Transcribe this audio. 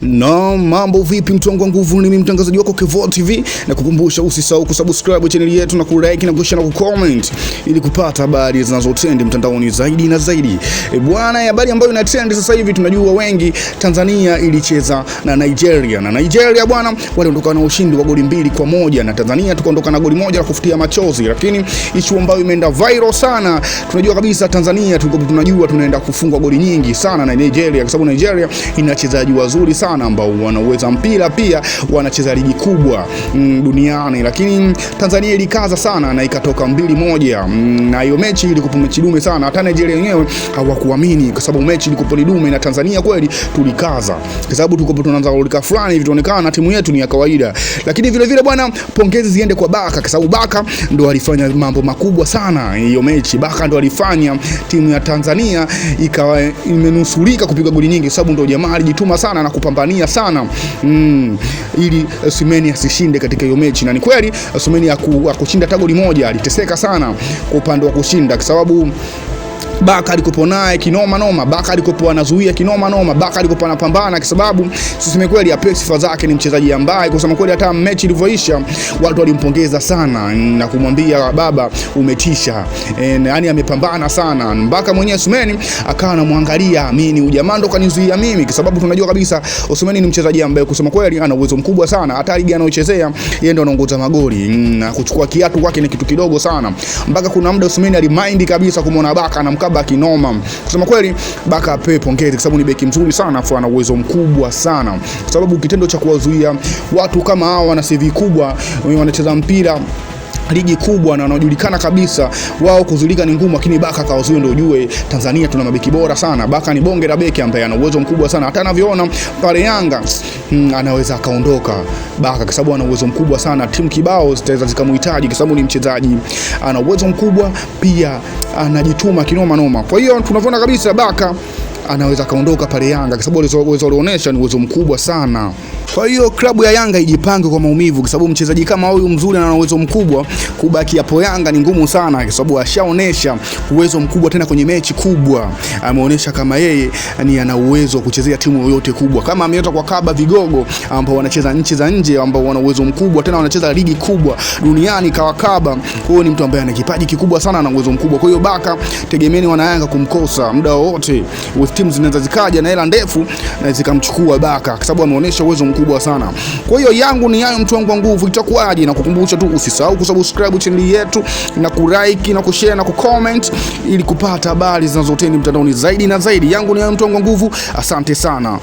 Na mambo vipi, mtu wa nguvu, ni mimi mtangazaji wako Kevoo TV, na kukumbusha usisahau kusubscribe channel yetu na kulike na kushare na kucomment ili kupata habari zinazotrend mtandaoni zaidi na zaidi. E bwana, habari ambayo ina trend sasa hivi, tunajua wengi, Tanzania ilicheza na Nigeria na Nigeria bwana waliondoka na ushindi wa goli mbili kwa moja na Tanzania tukaondoka na goli moja la kufutia machozi, lakini issue ambayo imeenda viral sana, tunajua kabisa Tanzania tunajua tunaenda kufunga goli nyingi sana na Nigeria kwa sababu Nigeria ina wachezaji wazuri sana sana ambao wana wanauweza mpira pia wanacheza ligi kubwa mm, duniani, lakini mm, Tanzania ilikaza sana na ikatoka mbili moja mm, na hiyo mechi ilikuwa mechi dume sana. Hata Nigeria wenyewe hawakuamini kwa sababu mechi ilikuwa ni dume, na Tanzania kweli tulikaza kwa sababu tulikuwa tunaanza kulika fulani hivi, tuonekana na timu yetu ni ya kawaida. Lakini vile vile bwana, pongezi ziende kwa Baka kwa sababu Baka ndo alifanya mambo makubwa sana hiyo mechi. Baka ndo alifanya timu ya Tanzania ikawa imenusurika kupiga goli nyingi kwa sababu ndo jamaa alijituma sana na kupamba kupambania sana mm, ili Osimhen eh, asishinde katika hiyo mechi, na ni kweli eh, sumeni akushinda aku, tago moja, aliteseka sana kwa upande wa kushinda kwa sababu Baka alikopo naye kinoma noma, Baka alikopo anazuia kinoma noma, Baka alikopo anapambana, kwa sababu tuseme kweli, Apex sifa zake ni mchezaji ambaye kusema kweli, hata mechi ilivyoisha watu walimpongeza sana na kumwambia baba, umetisha. Yaani amepambana sana. Baka mwenyewe Sumeni akawa anamwangalia, amini ujamaa ndo kanizuia mimi, kwa sababu tunajua kabisa Sumeni ni mchezaji ambaye kusema kweli ana uwezo mkubwa sana, hata ligi anayochezea yeye ndo anaongoza magoli na kuchukua kiatu kwake ni kitu kidogo sana. Mpaka kuna muda Sumeni alimind kabisa kumwona Baka anamka Mkapa kinoma. Kusema kweli, Baka apewe pongezi kwa sababu ni beki mzuri sana, afu ana uwezo mkubwa sana, kwa sababu kitendo cha kuwazuia watu kama hawa na CV kubwa wanacheza mpira ligi kubwa na wanaojulikana kabisa, wao kuzulika ni ngumu, lakini Baka kauzio ndio ujue Tanzania tuna mabeki bora sana. Baka ni bonge la beki ambaye ana uwezo mkubwa sana, hata anavyoona pale Yanga mm, anaweza akaondoka Baka kwa sababu ana uwezo mkubwa sana, timu kibao zitaweza zikamhitaji kwa sababu ni mchezaji ana uwezo mkubwa, pia anajituma kinoma noma. Kwa hiyo tunavyoona kabisa Baka anaweza kaondoka pale Yanga kwa sababu uwezo alioonyesha ni uwezo mkubwa sana. Kwa hiyo klabu ya Yanga ijipange kwa maumivu, kwa sababu mchezaji kama huyu mzuri ana uwezo mkubwa, kubaki hapo Yanga ni ngumu sana, kwa sababu ashaonesha uwezo mkubwa, tena kwenye mechi kubwa ameonesha kama yeye ni ana uwezo wa kuchezea timu yoyote kubwa, kama ameota kwa kaba vigogo ambao wanacheza nchi za nje, ambao wana uwezo mkubwa, tena wanacheza ligi kubwa duniani kawakaba. Huyo ni mtu ambaye ana kipaji kikubwa sana na uwezo mkubwa. Kwa hiyo baka tegemeni wana Yanga kumkosa muda wowote, timu zinaweza zikaja na hela ndefu na zikamchukua baka, kwa sababu ameonesha uwezo mkubwa kubwa sana. Kwa hiyo yangu ni hayo, mtu wangu wa nguvu, itakuwaje? Na kukumbusha tu usisahau kusubscribe channel yetu na kulike na kushare na kucomment ili kupata habari zinazotendi mtandaoni zaidi na zaidi. Yangu ni hayo, mtu wangu wa nguvu, asante sana.